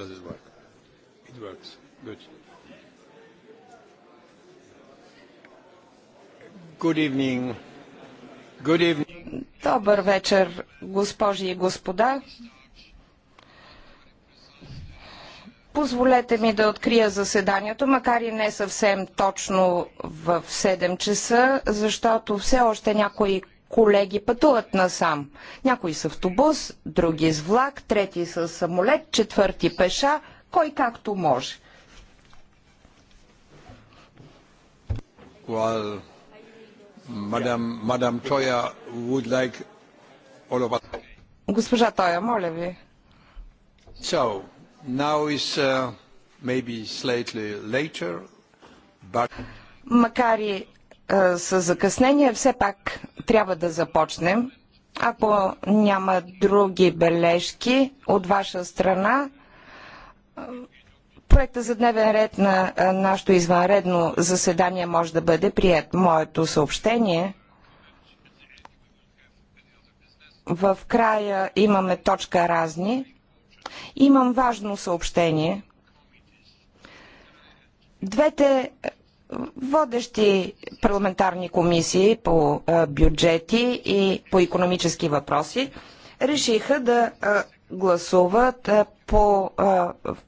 Does it work? It works. Good. Good evening. Good evening. Добър вечер, госпожи и господа. Позволете ми да открия заседанието, макар и не съвсем точно в 7 часа, защото все още някои колеги пътуват насам. Някои с автобус, други с влак, трети с самолет, четвърти пеша, кой както може. Well, madam, madam Toya would like all of us. Госпожа Тоя, моля ви. So, now is uh, maybe slightly later, but... Макар и uh, с закъснение, все пак трябва да започнем. Ако няма други бележки от ваша страна, проекта за дневен ред на нашето извънредно заседание може да бъде прият. Моето съобщение в края имаме точка разни. Имам важно съобщение. Двете водещи парламентарни комисии по бюджети и по економически въпроси решиха да гласуват по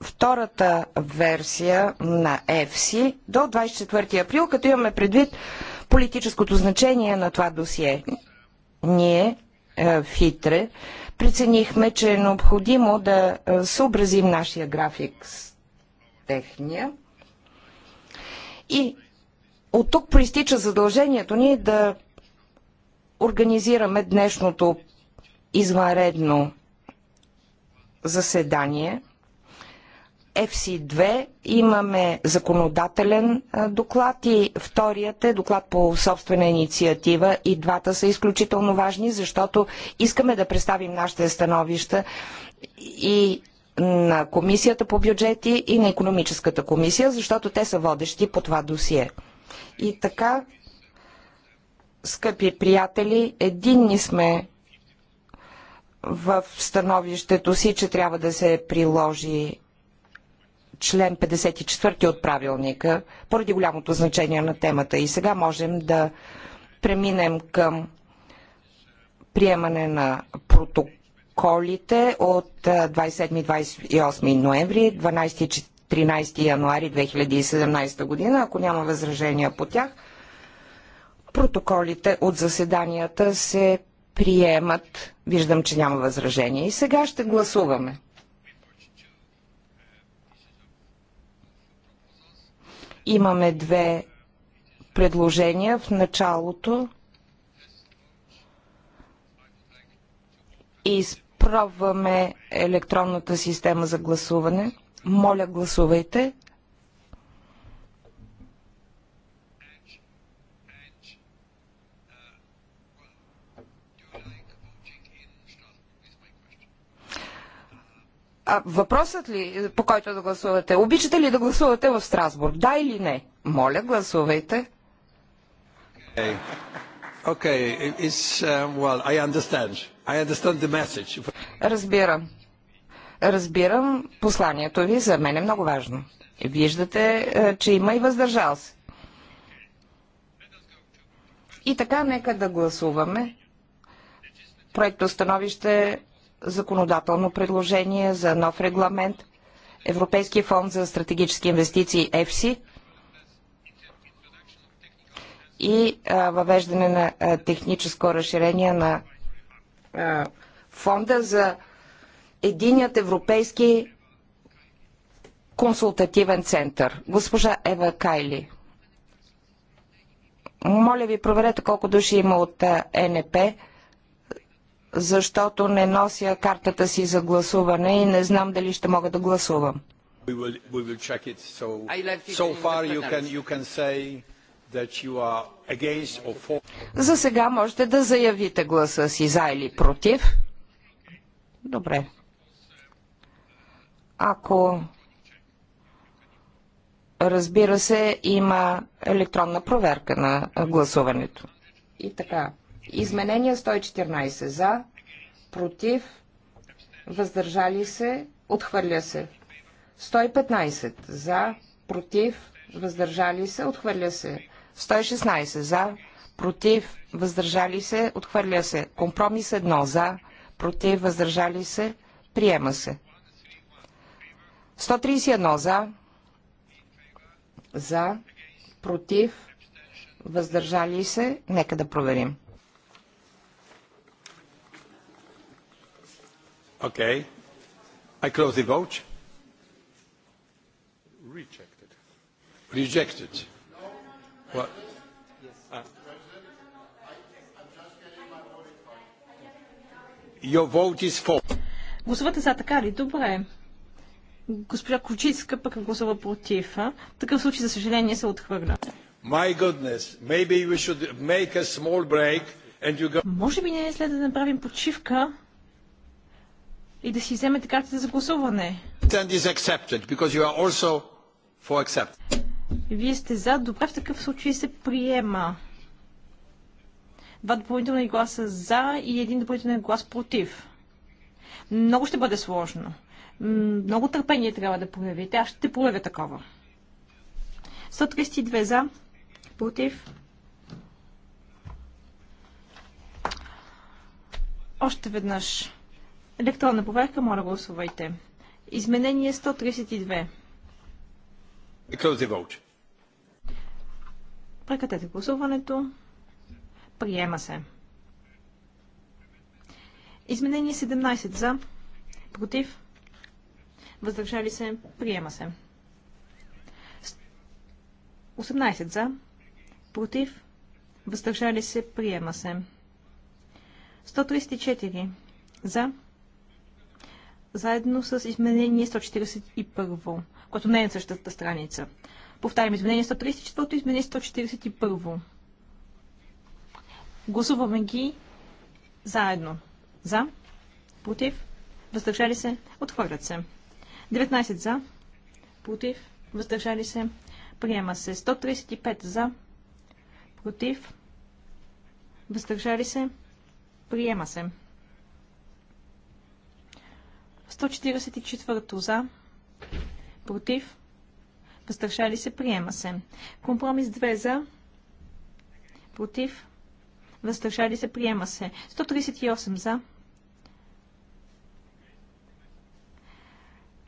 втората версия на ЕФСИ до 24 април, като имаме предвид политическото значение на това досие. Ние фитре, преценихме, че е необходимо да съобразим нашия график с техния и от тук проистича задължението ни да организираме днешното извънредно заседание. FC2 имаме законодателен доклад и вторият е доклад по собствена инициатива и двата са изключително важни, защото искаме да представим нашите становища и на Комисията по бюджети и на економическата комисия, защото те са водещи по това досие. И така, скъпи приятели, единни сме в становището си, че трябва да се приложи член 54 от правилника, поради голямото значение на темата. И сега можем да преминем към приемане на протокол колите от 27-28 ноември, 12-13 януари 2017 година, ако няма възражения по тях. Протоколите от заседанията се приемат. Виждам, че няма възражения. И сега ще гласуваме. Имаме две предложения в началото. И Пробваме електронната система за гласуване. Моля, гласувайте. А, въпросът ли, по който да гласувате? Обичате ли да гласувате в Страсбург? Да или не? Моля, гласувайте. Okay. Okay. It's, uh, well, I understand. I understand the message. Разбирам. Разбирам посланието ви, за мен е много важно. Виждате, е, че има и въздържал се. И така, нека да гласуваме проекто становище законодателно предложение за нов регламент Европейски фонд за стратегически инвестиции ЕФСИ и а, въвеждане на а, техническо разширение на а, фонда за единият европейски консултативен център. Госпожа Ева Кайли. Моля ви, проверете колко души има от НП, защото не нося картата си за гласуване и не знам дали ще мога да гласувам. За сега можете да заявите гласа си за или против. Добре. Ако разбира се, има електронна проверка на гласуването. И така. изменения 114 за, против, въздържали се, отхвърля се. 115 за, против, въздържали се, отхвърля се. 116 за, против, въздържали се, отхвърля се. Компромис 1 за, против, въздържали се, приема се. 131 за, за, против, въздържали се, нека да проверим. Okay. I close the vote. Rejected. Rejected. What? Your vote is for. Гласувате за така ли? Добре. Госпожа Кучицка пък гласува против. А? В такъв случай, за съжаление, се отхвърля. My goodness, maybe we should make a small break and you go... Може би не е след да направим почивка и да си вземете картите за гласуване. And is accepted, because you are also for accept. Вие сте за. Добре, в такъв случай се приема два допълнителни гласа за и един допълнителен глас против. Много ще бъде сложно. Много търпение трябва да проявите. Аз ще проявя такова. 132 за, против. Още веднъж. Електронна проверка, моля гласувайте. Изменение 132. Прекратете гласуването. Приема се. Изменение 17 за. Против. Въздържали се. Приема се. 18 за. Против. Въздържали се. Приема се. 134 за. Заедно с изменение 141, което не е на същата страница. Повтарям, изменение 134, изменение 141. Гласуваме ги заедно. За, против, въздържали се, отхвърлят се. 19 за, против, въздържали се, приема се. 135 за, против, въздържали се, приема се. 144 за, против, въздържали се, приема се. Компромис 2 за, против, въздържали се, приема се. 138 за.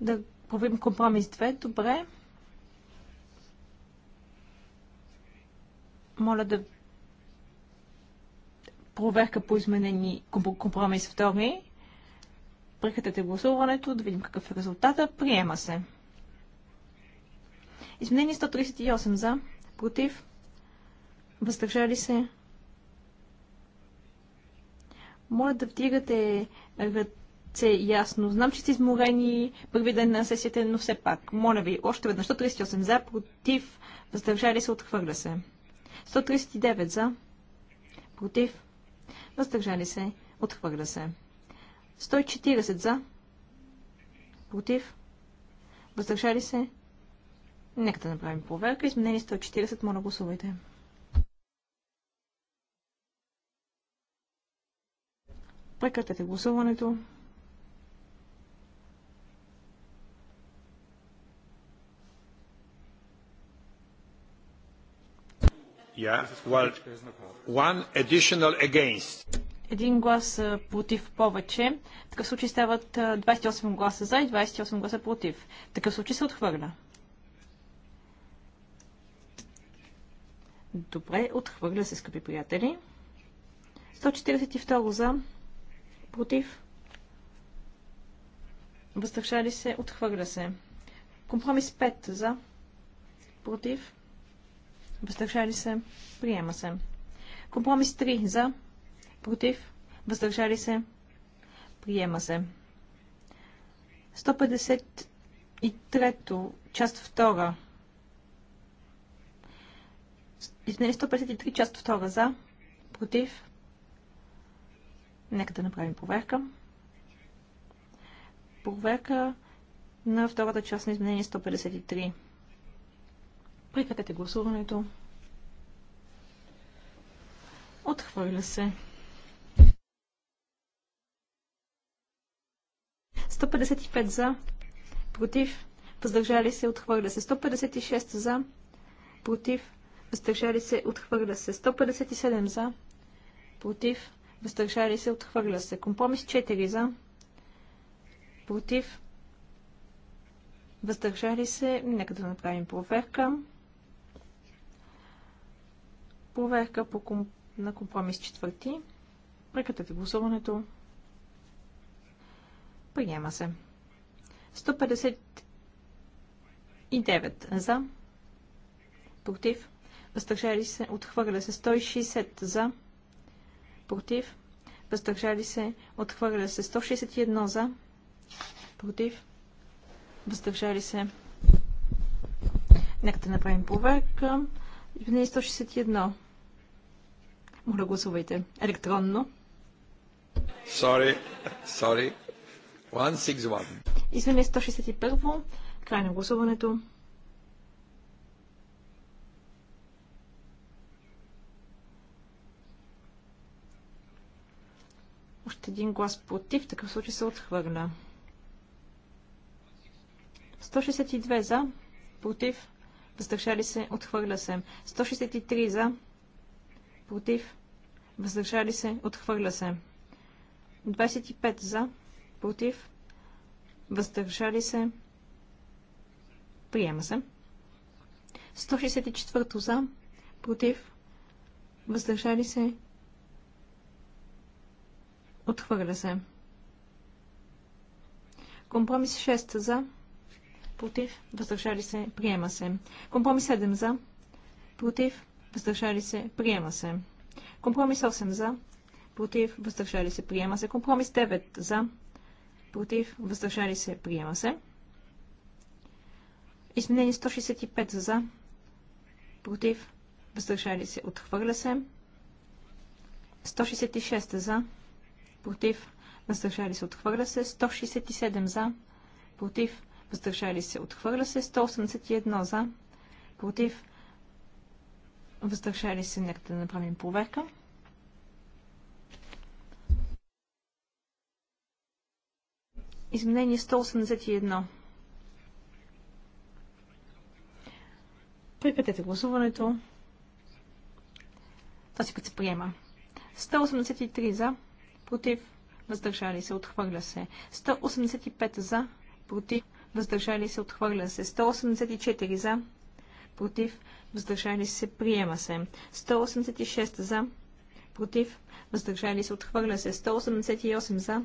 Да проверим компромис 2. Добре. Моля да проверка по изменени компромис 2. Прекратете гласуването, да видим какъв е резултата. Приема се. Изменение 138 за, против, въздържали се, моля да вдигате ръце ясно. Знам, че сте изморени първи ден на сесията, но все пак, моля ви, още веднъж 138 за, против, въздържали се, отхвърля се. 139 за, против, въздържали се, отхвърля се. 140 за, против, въздържали се. Нека да направим проверка. Изменени 140, моля гласувайте. Да Прекратете гласуването. Yeah. Well, Един глас против повече. В такъв случай стават 28 гласа за и 28 гласа против. В такъв случай се отхвърля. Добре, отхвърля се, скъпи приятели. 142 за, Против. Въздържали се. Отхвърля се. Компромис 5 за. Против. Въздържали се. Приема се. Компромис 3 за. Против. Въздържали се. Приема се. 153 част 2. Извинете, 153 част 2 за. Против. Нека да направим проверка. Проверка на втората част на изменение 153. Прекратете гласуването. Отхвърля се. 155 за, против, въздържали се, отхвърля се. 156 за, против, въздържали се, отхвърля се. 157 за, против, въздържали се, отхвърля се. Компромис 4 за, против, въздържали се, нека да направим проверка. Проверка по ком... на компромис 4. Прекратете гласуването. Приема се. 159 за, против, въздържали се, отхвърля се 160 за, против, въздържали се, отхвърля се 161 за, против, въздържали се. Нека да направим проверка. 161. Моля, гласувайте. Електронно. Sorry, sorry. 161. Извинение 161. Край на гласуването. един глас против. В такъв случай се отхвърля. 162 за, против, въздържали се, отхвърля се. 163 за, против, въздържали се, отхвърля се. 25 за, против, въздържали се, приема се. 164 за, против, въздържали се, Отхвърля се. Компромис 6 за. Против. Въздържали се. Приема се. Компромис 7 за. Против. Въздържали се. Приема се. Компромис 8 за. Против. Въздържали се. Приема се. Компромис 9 за. Против. Въздържали се. Приема се. Изменение 165 за. Против. Въздържали се. Отхвърля се. 166 за против, въздържали се, отхвърля се, 167 за, против, въздържали се, отхвърля се, 181 за, против, въздържали се, нека да направим проверка. Изменение 181. Прекратете гласуването. Този път се приема. 183 за, против, въздържали се, отхвърля се. 185 за, против, въздържали се, отхвърля се. 184 за, против, въздържали се, приема се. 186 за, против, въздържали се, отхвърля се. 188 за,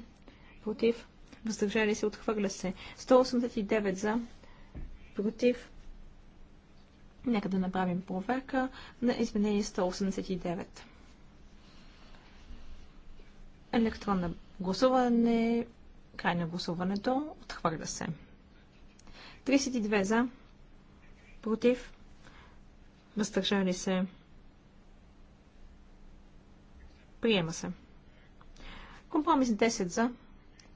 против, въздържали се, отхвърля се. 189 за, против. Нека да направим проверка на изменение 189. Електронно гласуване. Край на гласуването. Отхвърля се. 32 за. Против. Въздържали се. Приема се. Компромис 10 за.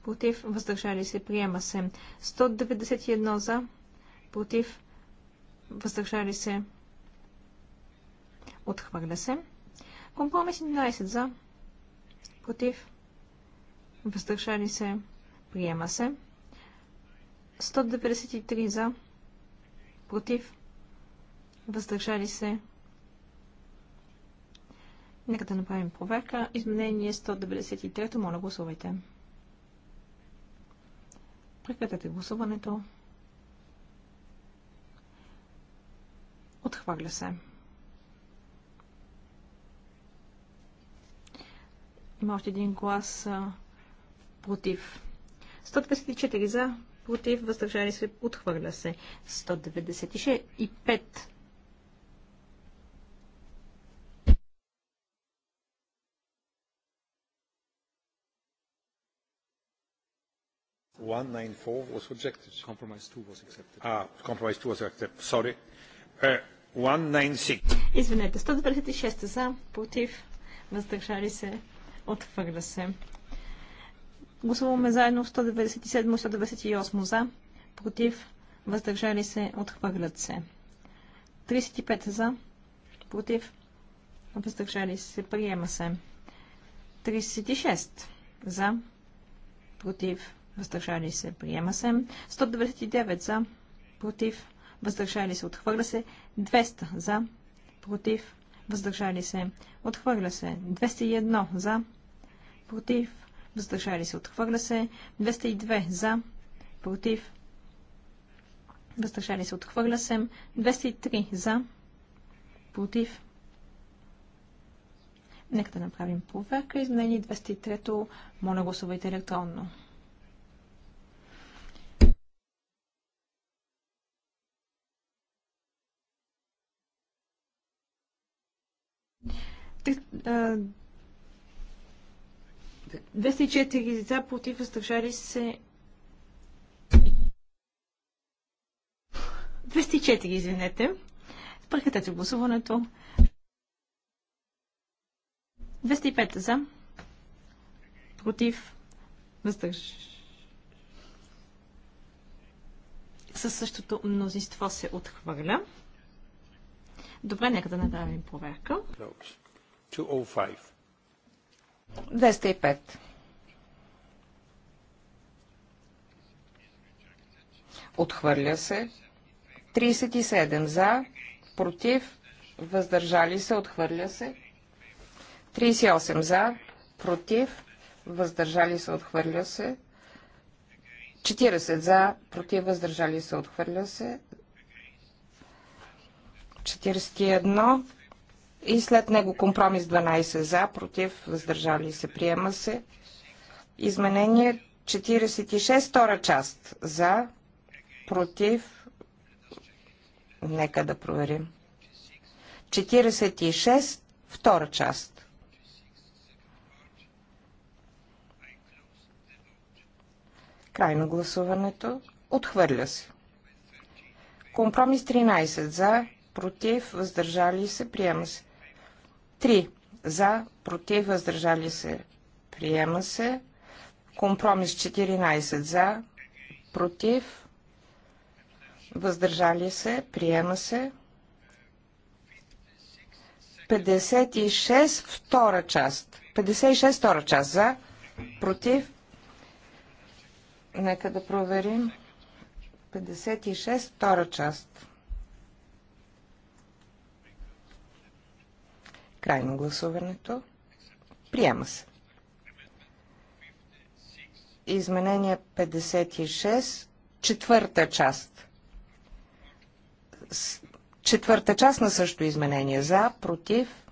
Против. Въздържали се. Приема се. 191 за. Против. Въздържали се. Отхвърля се. Компромис 11 за против, въздържали се, приема се. 193 за, против, въздържали се. Нека да направим проверка. Изменение 193. Моля, гласувайте. Прекратете гласуването. Отхвърля се. Има още един глас а, против. 124 за, против, въздържали се, отхвърля се. 196 и 5. Ah, uh, Извинете, 126 за, против, въздържали се. Отхвърля се. Гласуваме заедно 197 и 198 за. Против. Въздържали се. Отхвърлят се. 35 за. Против. Въздържали се. Приема се. 36 за. Против. Въздържали се. Приема се. 199 за. Против. Въздържали се. Отхвърля се. 200 за. Против въздържали се, отхвърля се. 201 за, против, въздържали се, отхвърля се. 202 за, против, въздържали се, отхвърля се. 203 за, против. Нека да направим проверка. Изменени 203. Моля гласувайте електронно. 204 лица против, въздържали се. 204, извинете. Прекратете гласуването. 205 за. Против. Въздърж. Със същото мнозинство се отхвърля. Добре, нека да направим проверка. Добре. 205. Отхвърля се. 37 за, против, въздържали се, отхвърля се. 38 за, против, въздържали се, отхвърля се. 40 за, против, въздържали се, отхвърля се. 41 и след него компромис 12 за, против, въздържали се, приема се. Изменение 46, втора част за, против, нека да проверим. 46, втора част. Крайно гласуването. Отхвърля се. Компромис 13 за, против, въздържали се, приема се. 3. За, против, въздържали се, приема се. Компромис 14 за, против, въздържали се, приема се. 56 втора част. 56 втора част за, против. Нека да проверим. 56 втора част. Край на гласуването. Приема се. Изменение 56, четвърта част. Четвърта част на също изменение. За, против.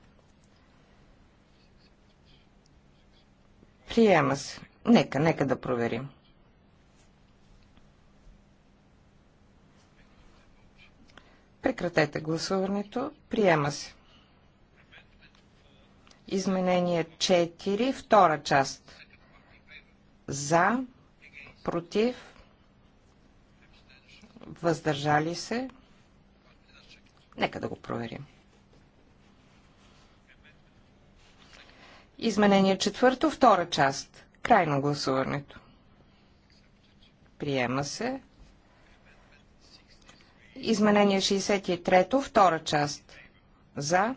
Приема се. Нека, нека да проверим. Прекратете гласуването. Приема се. Изменение 4, втора част. За, против, въздържали се. Нека да го проверим. Изменение четвърто, втора част. Край на гласуването. Приема се. Изменение 63, втора част. За,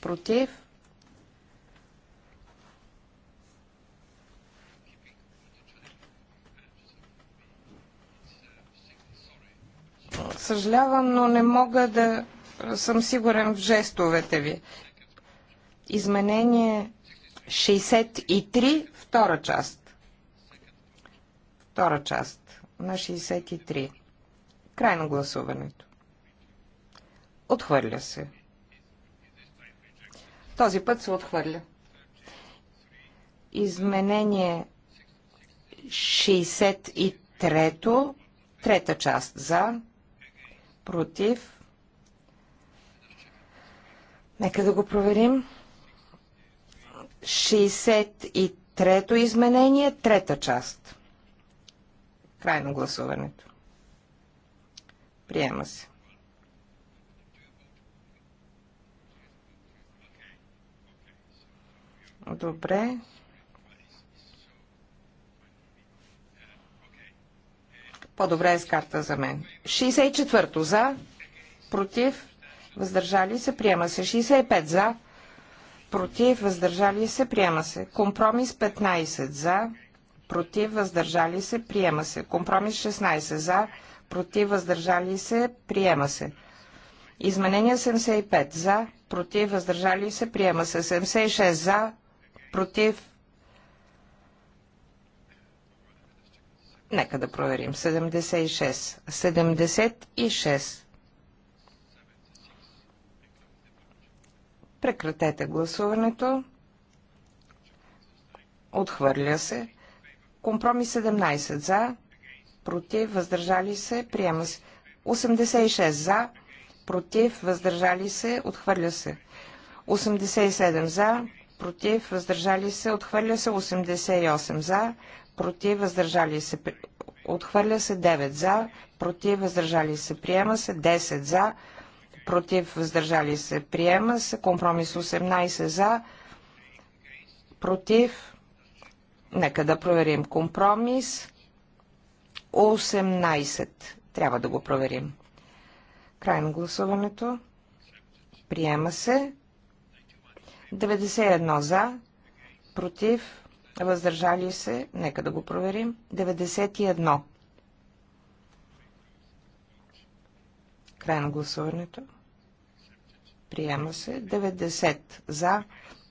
против, съжалявам, но не мога да съм сигурен в жестовете ви. Изменение 63, втора част. Втора част на 63. Край на гласуването. Отхвърля се. Този път се отхвърля. Изменение 63, трета част за, против. Нека да го проверим. 63-то изменение, трета част. Крайно гласуването. Приема се. Добре, По-добре е с карта за мен. 64-то за, против, въздържали се, приема се. 65 за, против, въздържали се, приема се. Компромис 15 за, против, въздържали се, приема се. Компромис 16 за, против, въздържали се, приема се. Изменение 75 за, против, въздържали се, приема се. 76 за, против, Нека да проверим. 76. 76. Прекратете гласуването. Отхвърля се. Компромис 17 за, против, въздържали се, приема се. 86 за, против, въздържали се, отхвърля се. 87 за, против, въздържали се, отхвърля се. 88 за, против, въздържали се, отхвърля се 9 за, против, въздържали се, приема се 10 за, против, въздържали се, приема се, компромис 18 за, против, нека да проверим компромис 18. Трябва да го проверим. Край на гласуването. Приема се. 91 за, против, въздържали се, нека да го проверим, 91. Край на гласуването. Приема се 90 за,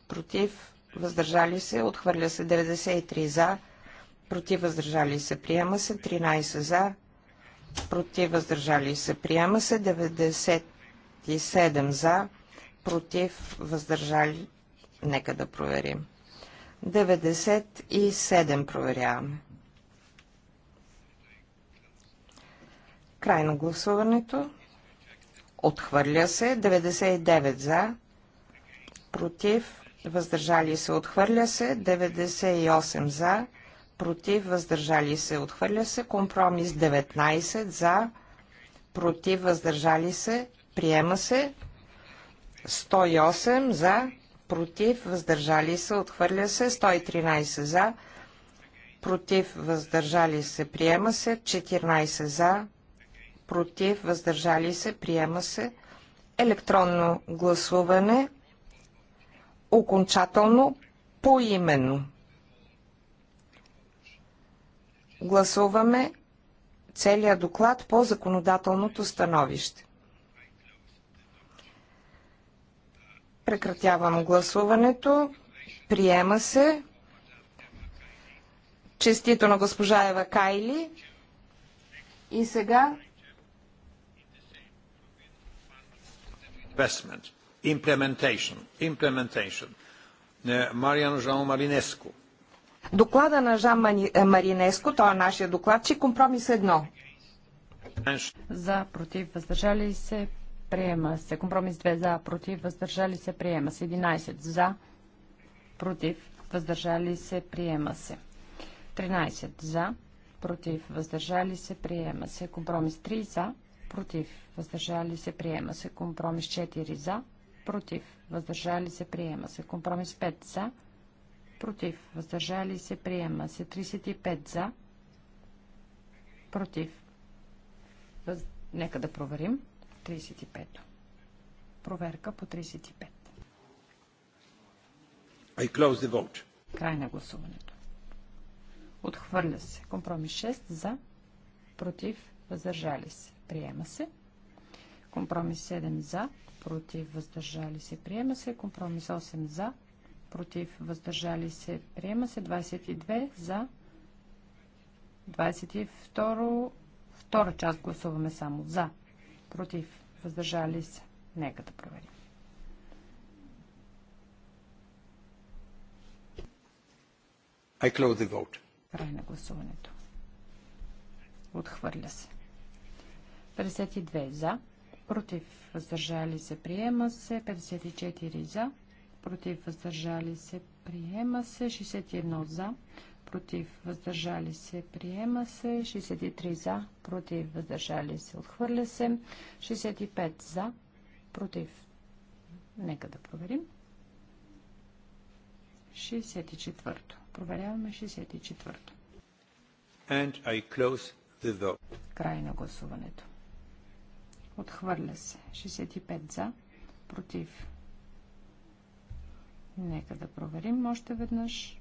против, въздържали се, отхвърля се 93 за, против, въздържали се, приема се 13 за, против, въздържали се, приема се 97 за, против, въздържали. Нека да проверим. 97 проверяваме. Край на гласуването. Отхвърля се. 99 за. Против. Въздържали се. Отхвърля се. 98 за. Против. Въздържали се. Отхвърля се. Компромис 19 за. Против. Въздържали се. Приема се. 108 за против, въздържали се, отхвърля се, 113 за, против, въздържали се, приема се, 14 за, против, въздържали се, приема се, електронно гласуване, окончателно, поименно. Гласуваме целият доклад по законодателното становище. Прекратявам гласуването. Приема се. Честито на госпожа Ева Кайли. И сега investment, implementation, implementation. Е, Мариан Жан Маринеско. Доклада на Жан е, Маринеско, той е нашия доклад, че компромис едно. За, против, въздържали се, Приема се. Компромис 2 за, против, въздържали се. Приема се. 11 за, против, въздържали се. Приема се. 13 за, против, въздържали се. Приема се. Компромис 3 за, против, въздържали се. Приема се. Компромис 4 за, против, въздържали се. Приема се. Компромис 5 за, против, въздържали се. Приема се. 35 за, против. Въз... Нека да проверим. 35. Проверка по 35. I close the vote. Край на гласуването. Отхвърля се. Компромис 6 за, против, въздържали се. Приема се. Компромис 7 за, против, въздържали се. Приема се. Компромис 8 за, против, въздържали се. Приема се. 22 за, 22, втора част гласуваме само за, Против. Въздържали се. Нека да проверим. I close the vote. Край на гласуването. Отхвърля се. 52 за. Против. Въздържали се. Приема се. 54 за. Против. Въздържали се. Приема се. 61 за против, въздържали се, приема се. 63 за, против, въздържали се, отхвърля се. 65 за, против. Нека да проверим. 64. Проверяваме 64. And I close the vote. Край на гласуването. Отхвърля се. 65 за, против. Нека да проверим още веднъж.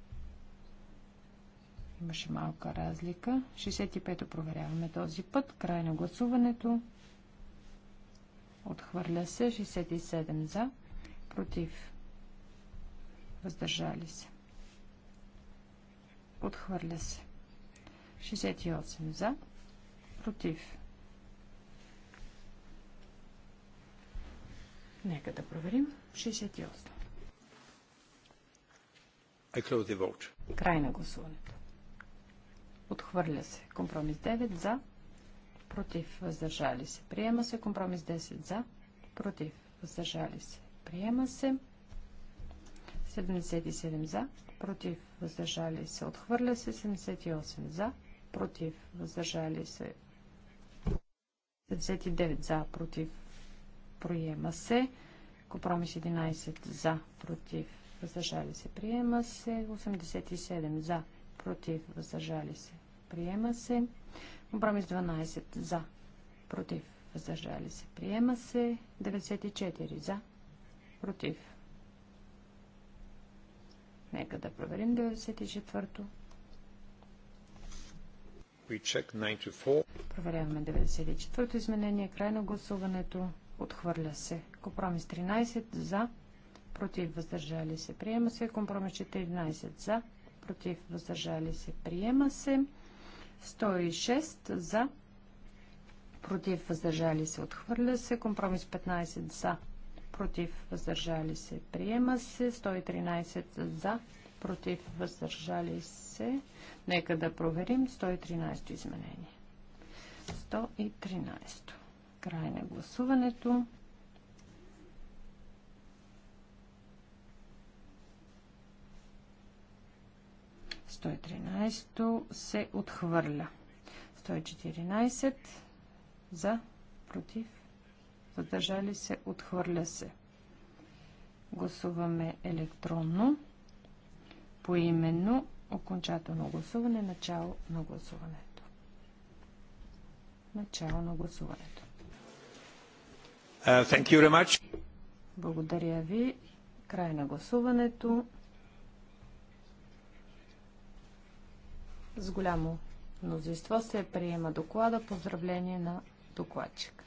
Имаше малка разлика. 65-то проверяваме този път. Край на гласуването. Отхвърля се. 67 за. Против. Въздържали се. Отхвърля се. 68 за. Против. Нека да проверим. 68. Край на гласуването. Отхвърля се. Компромис 9 за. Против. Въздържали се. Приема се. Компромис 10 за. Против. Въздържали се. Приема се. 77 за. Против. Въздържали се. Отхвърля се. 78 за. Против. Въздържали се. 79 за. Против. Приема се. Компромис 11 за. Против. Въздържали се. Приема се. 87 за против, въздържали се. Приема се. Компромис 12 за. Против. Въздържали се. Приема се. 94 за. Против. Нека да проверим 94-то. Проверяваме 94-то изменение. Край на гласуването. Отхвърля се. Компромис 13 за. Против. Въздържали се. Приема се. Компромис 14 за. Против. Въздържали се. Приема се. 106 за, против, въздържали се, отхвърля се. Компромис 15 за, против, въздържали се, приема се. 113 за, против, въздържали се. Нека да проверим 113 изменение. 113. Край на гласуването. 113 се отхвърля. 114 за, против, въздържали се, отхвърля се. Гласуваме електронно, поименно, окончателно гласуване, начало на гласуването. Начало на гласуването. Uh, Благодаря ви. Край на гласуването. С голямо мнозинство се приема доклада. Поздравление на докладчик.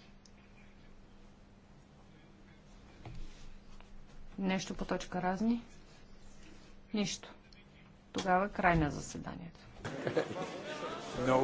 Нещо по точка разни? Нищо. Тогава край на заседанието. No.